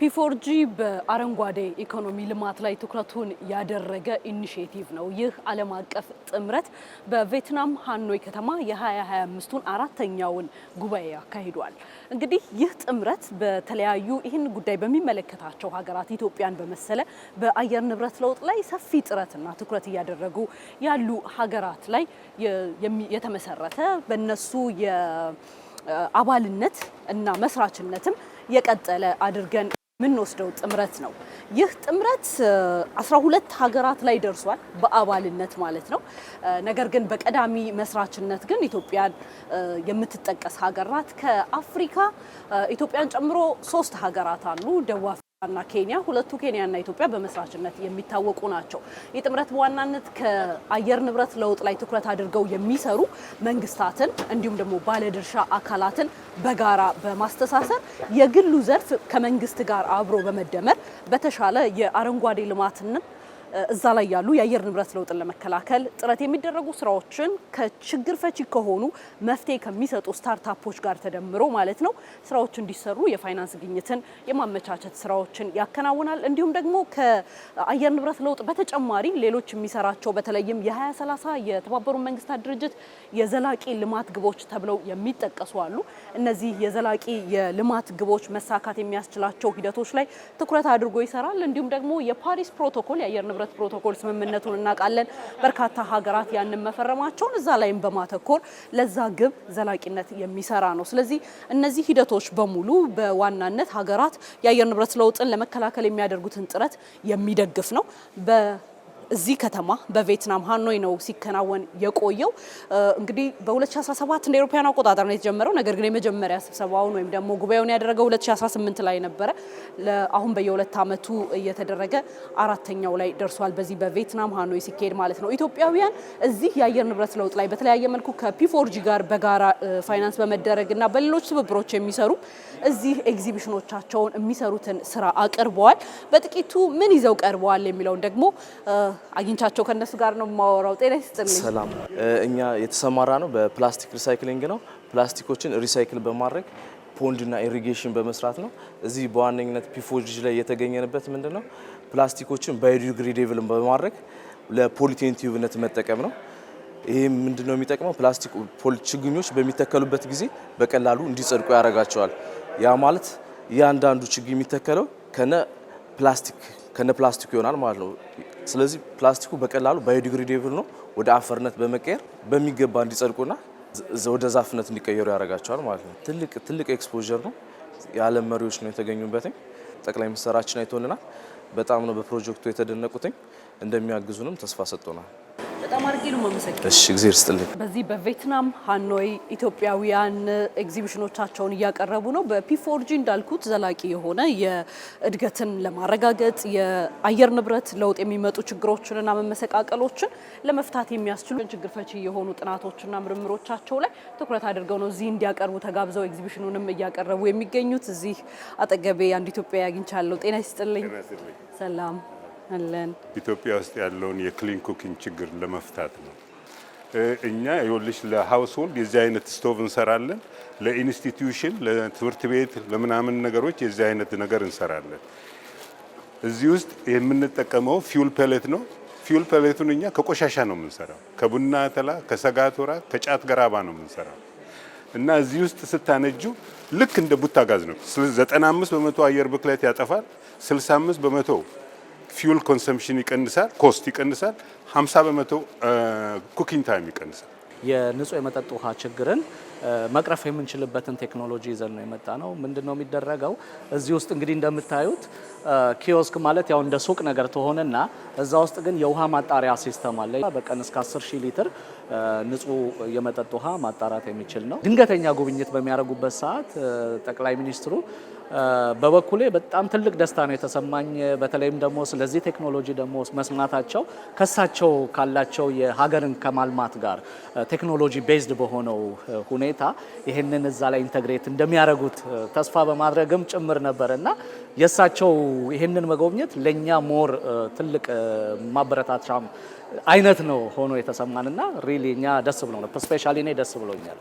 ፒፎርጂ በአረንጓዴ ኢኮኖሚ ልማት ላይ ትኩረቱን ያደረገ ኢኒሽቲቭ ነው። ይህ ዓለም አቀፍ ጥምረት በቬትናም ሃኖይ ከተማ የ2025ቱን አራተኛውን ጉባኤ አካሂዷል። እንግዲህ ይህ ጥምረት በተለያዩ ይህን ጉዳይ በሚመለከታቸው ሀገራት ኢትዮጵያን በመሰለ በአየር ንብረት ለውጥ ላይ ሰፊ ጥረትና ትኩረት እያደረጉ ያሉ ሀገራት ላይ የተመሰረተ በነሱ የአባልነት እና መስራችነትም የቀጠለ አድርገን የምንወስደው ጥምረት ነው። ይህ ጥምረት 12 ሀገራት ላይ ደርሷል በአባልነት ማለት ነው። ነገር ግን በቀዳሚ መስራችነት ግን ኢትዮጵያን የምትጠቀስ ሀገር ናት። ከአፍሪካ ኢትዮጵያን ጨምሮ ሶስት ሀገራት አሉ። ደቡብ እና ኬንያ ሁለቱ ኬንያና ኢትዮጵያ በመስራችነት የሚታወቁ ናቸው። ይህ ጥምረት በዋናነት ከአየር ንብረት ለውጥ ላይ ትኩረት አድርገው የሚሰሩ መንግስታትን እንዲሁም ደግሞ ባለድርሻ አካላትን በጋራ በማስተሳሰር የግሉ ዘርፍ ከመንግስት ጋር አብሮ በመደመር በተሻለ የአረንጓዴ ልማትን እዛ ላይ ያሉ የአየር ንብረት ለውጥን ለመከላከል ጥረት የሚደረጉ ስራዎችን ከችግር ፈቺ ከሆኑ መፍትሄ ከሚሰጡ ስታርታፖች ጋር ተደምሮ ማለት ነው ስራዎች እንዲሰሩ የፋይናንስ ግኝትን የማመቻቸት ስራዎችን ያከናውናል። እንዲሁም ደግሞ ከአየር ንብረት ለውጥ በተጨማሪ ሌሎች የሚሰራቸው በተለይም የ2030 የተባበሩ መንግስታት ድርጅት የዘላቂ ልማት ግቦች ተብለው የሚጠቀሱ አሉ። እነዚህ የዘላቂ የልማት ግቦች መሳካት የሚያስችላቸው ሂደቶች ላይ ትኩረት አድርጎ ይሰራል። እንዲሁም ደግሞ የፓሪስ ፕሮቶኮል የአየር ንብረት የህብረት ፕሮቶኮል ስምምነቱን እናውቃለን። በርካታ ሀገራት ያንን መፈረማቸውን እዛ ላይም በማተኮር ለዛ ግብ ዘላቂነት የሚሰራ ነው። ስለዚህ እነዚህ ሂደቶች በሙሉ በዋናነት ሀገራት የአየር ንብረት ለውጥን ለመከላከል የሚያደርጉትን ጥረት የሚደግፍ ነው። እዚህ ከተማ በቬትናም ሃኖይ ነው ሲከናወን የቆየው። እንግዲህ በ2017 እንደ ኤሮፓውያን አቆጣጠር ነው የተጀመረው። ነገር ግን የመጀመሪያ ስብሰባውን ወይም ደግሞ ጉባኤውን ያደረገው 2018 ላይ ነበረ። አሁን በየሁለት ዓመቱ እየተደረገ አራተኛው ላይ ደርሷል። በዚህ በቬትናም ሃኖይ ሲካሄድ ማለት ነው። ኢትዮጵያውያን እዚህ የአየር ንብረት ለውጥ ላይ በተለያየ መልኩ ከፒፎርጂ ጋር በጋራ ፋይናንስ በመደረግ እና በሌሎች ትብብሮች የሚሰሩ እዚህ ኤግዚቢሽኖቻቸውን የሚሰሩትን ስራ አቅርበዋል። በጥቂቱ ምን ይዘው ቀርበዋል የሚለውን ደግሞ አግኝቻቸው ከነሱ ጋር ነው የማወራው። ጤና ይስጥልኝ። ሰላም። እኛ የተሰማራ ነው በፕላስቲክ ሪሳይክሊንግ ነው። ፕላስቲኮችን ሪሳይክል በማድረግ ፖንድና ኢሪጌሽን በመስራት ነው። እዚህ በዋነኝነት ፒፎጅ ላይ የተገኘንበት ምንድን ነው ፕላስቲኮችን ባዮዲግሬዴብልን በማድረግ ለፖሊቴን ቲዩብነት መጠቀም ነው። ይህም ምንድን ነው የሚጠቅመው ፕላስቲክ ችግኞች በሚተከሉበት ጊዜ በቀላሉ እንዲጸድቁ ያደርጋቸዋል። ያ ማለት እያንዳንዱ ችግኝ የሚተከለው ከነ ፕላስቲክ ከነ ፕላስቲክ ይሆናል ማለት ነው። ስለዚህ ፕላስቲኩ በቀላሉ ባዮዲግሬዴብል ነው ወደ አፈርነት በመቀየር በሚገባ እንዲጸድቁና ወደ ዛፍነት እንዲቀየሩ ያደርጋቸዋል ማለት ነው። ትልቅ ትልቅ ኤክስፖዠር ነው። የዓለም መሪዎች ነው የተገኙበትኝ። ጠቅላይ ሚኒስትራችን አይቶልናል። በጣም ነው በፕሮጀክቱ የተደነቁትኝ። እንደሚያግዙንም ተስፋ ሰጥቶናል። በጣም አድርጌ ነው የማመሰግነው። እሺ እግዚአብሔር ይስጥልኝ። በዚህ በቬትናም ሃኖይ ኢትዮጵያውያን ኤግዚቢሽኖቻቸውን እያቀረቡ ነው። በፒፎርጂ እንዳልኩት ዘላቂ የሆነ የእድገትን ለማረጋገጥ የአየር ንብረት ለውጥ የሚመጡ ችግሮችንና መመሰቃቀሎችን ለመፍታት የሚያስችሉ ችግር ፈቺ የሆኑ ጥናቶችና ምርምሮቻቸው ላይ ትኩረት አድርገው ነው እዚህ እንዲያቀርቡ ተጋብዘው ኤግዚቢሽኑንም እያቀረቡ የሚገኙት። እዚህ አጠገቤ አንድ ኢትዮጵያ አግኝቻለሁ። ጤና ይስጥልኝ። ሰላም አለን። ኢትዮጵያ ውስጥ ያለውን የክሊን ኩኪንግ ችግር ለመፍታት ነው። እኛ ይኸውልሽ ለሃውስሆልድ የዚህ አይነት ስቶቭ እንሰራለን። ለኢንስቲትዩሽን፣ ለትምህርት ቤት፣ ለምናምን ነገሮች የዚህ አይነት ነገር እንሰራለን። እዚህ ውስጥ የምንጠቀመው ፊውል ፔሌት ነው። ፊውል ፔሌቱን እኛ ከቆሻሻ ነው የምንሰራው። ከቡና ተላ፣ ከሰጋቶራ፣ ከጫት ገራባ ነው የምንሰራው እና እዚህ ውስጥ ስታነጁ ልክ እንደ ቡታ ጋዝ ነው። 95 በመቶ አየር ብክለት ያጠፋል። 65 በመቶ ፊውል ኮንሰምፕሽን ይቀንሳል፣ ኮስት ይቀንሳል፣ 50 በመቶ ኩኪንግ ታይም ይቀንሳል። የንጹህ የመጠጥ ውሃ ችግርን መቅረፍ የምንችልበትን ቴክኖሎጂ ይዘን ነው የመጣ ነው። ምንድን ነው የሚደረገው እዚህ ውስጥ እንግዲህ እንደምታዩት ኪዮስክ ማለት ያው እንደ ሱቅ ነገር ትሆንና እዛ ውስጥ ግን የውሃ ማጣሪያ ሲስተም አለ። በቀን እስከ 10 ሺህ ሊትር ንጹህ የመጠጥ ውሃ ማጣራት የሚችል ነው። ድንገተኛ ጉብኝት በሚያደርጉበት ሰዓት ጠቅላይ ሚኒስትሩ በበኩሌ በጣም ትልቅ ደስታ ነው የተሰማኝ። በተለይም ደግሞ ስለዚህ ቴክኖሎጂ ደግሞ መስማታቸው ከሳቸው ካላቸው የሀገርን ከማልማት ጋር ቴክኖሎጂ ቤዝድ በሆነው ሁኔታ ሁኔታ ይህንን እዛ ላይ ኢንተግሬት እንደሚያደርጉት ተስፋ በማድረግም ጭምር ነበር እና የእሳቸው ይህንን መጎብኘት ለእኛ ሞር ትልቅ ማበረታቻም አይነት ነው ሆኖ የተሰማን እና ሪሊ እኛ ደስ ብሎ ነው ስፔሻሊ እኔ ደስ ብሎኛል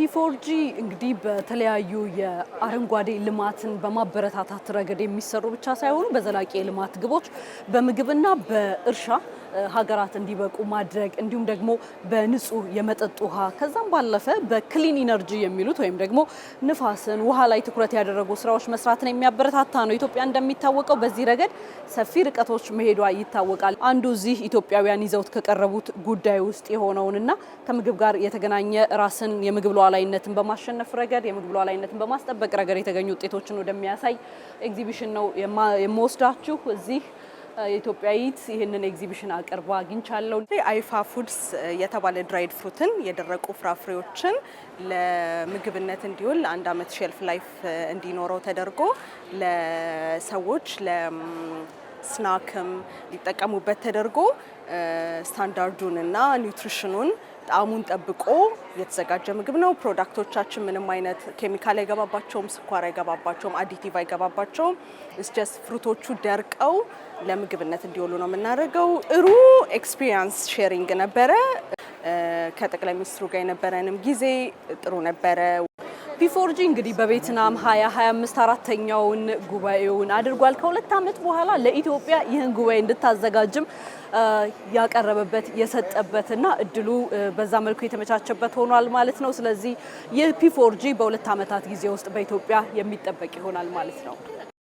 ፒፎርጂ እንግዲህ በተለያዩ የአረንጓዴ ልማትን በማበረታታት ረገድ የሚሰሩ ብቻ ሳይሆኑ በዘላቂ የልማት ግቦች በምግብና በእርሻ ሀገራት እንዲበቁ ማድረግ እንዲሁም ደግሞ በንጹህ የመጠጥ ውሃ ከዛም ባለፈ በክሊን ኢነርጂ የሚሉት ወይም ደግሞ ንፋስን፣ ውሃ ላይ ትኩረት ያደረጉ ስራዎች መስራትን የሚያበረታታ ነው። ኢትዮጵያ እንደሚታወቀው በዚህ ረገድ ሰፊ ርቀቶች መሄዷ ይታወቃል። አንዱ እዚህ ኢትዮጵያውያን ይዘውት ከቀረቡት ጉዳይ ውስጥ የሆነውንና ከምግብ ጋር የተገናኘ ራስን የምግብ ሉዓላዊነትን በማሸነፍ ረገድ የምግብ ሉዓላዊነትን በማስጠበቅ ረገድ የተገኙ ውጤቶችን ወደሚያሳይ ኤግዚቢሽን ነው የምወስዳችሁ እዚህ ኢትዮጵያዊት ይህንን ኤግዚቢሽን አቅርባ አግኝቻለሁ። አይፋ ፉድስ የተባለ ድራይድ ፍሩትን የደረቁ ፍራፍሬዎችን ለምግብነት እንዲውል አንድ አመት ሼልፍ ላይፍ እንዲኖረው ተደርጎ ለሰዎች ለስናክም ሊጠቀሙበት ተደርጎ ስታንዳርዱን እና ኒውትሪሽኑን ጣዕሙን ጠብቆ የተዘጋጀ ምግብ ነው። ፕሮዳክቶቻችን ምንም አይነት ኬሚካል አይገባባቸውም፣ ስኳር አይገባባቸውም፣ አዲቲቭ አይገባባቸውም። እስጀስ ፍሩቶቹ ደርቀው ለምግብነት እንዲውሉ ነው የምናደርገው። ጥሩ ኤክስፒሪንስ ሼሪንግ ነበረ። ከጠቅላይ ሚኒስትሩ ጋር የነበረንም ጊዜ ጥሩ ነበረ። ፒ እንግዲህ በቬትናም 2025 አራተኛውን ጉባኤውን አድርጓል። ከሁለት ዓመት በኋላ ለኢትዮጵያ ይህን ጉባኤ እንድታዘጋጅም ያቀረበበት የሰጠበት እና እድሉ በዛ መልኩ የተመቻቸበት ሆኗል ማለት ነው። ስለዚህ ይህ ፒፎርጂ በሁለት ዓመታት ጊዜ ውስጥ በኢትዮጵያ የሚጠበቅ ይሆናል ማለት ነው።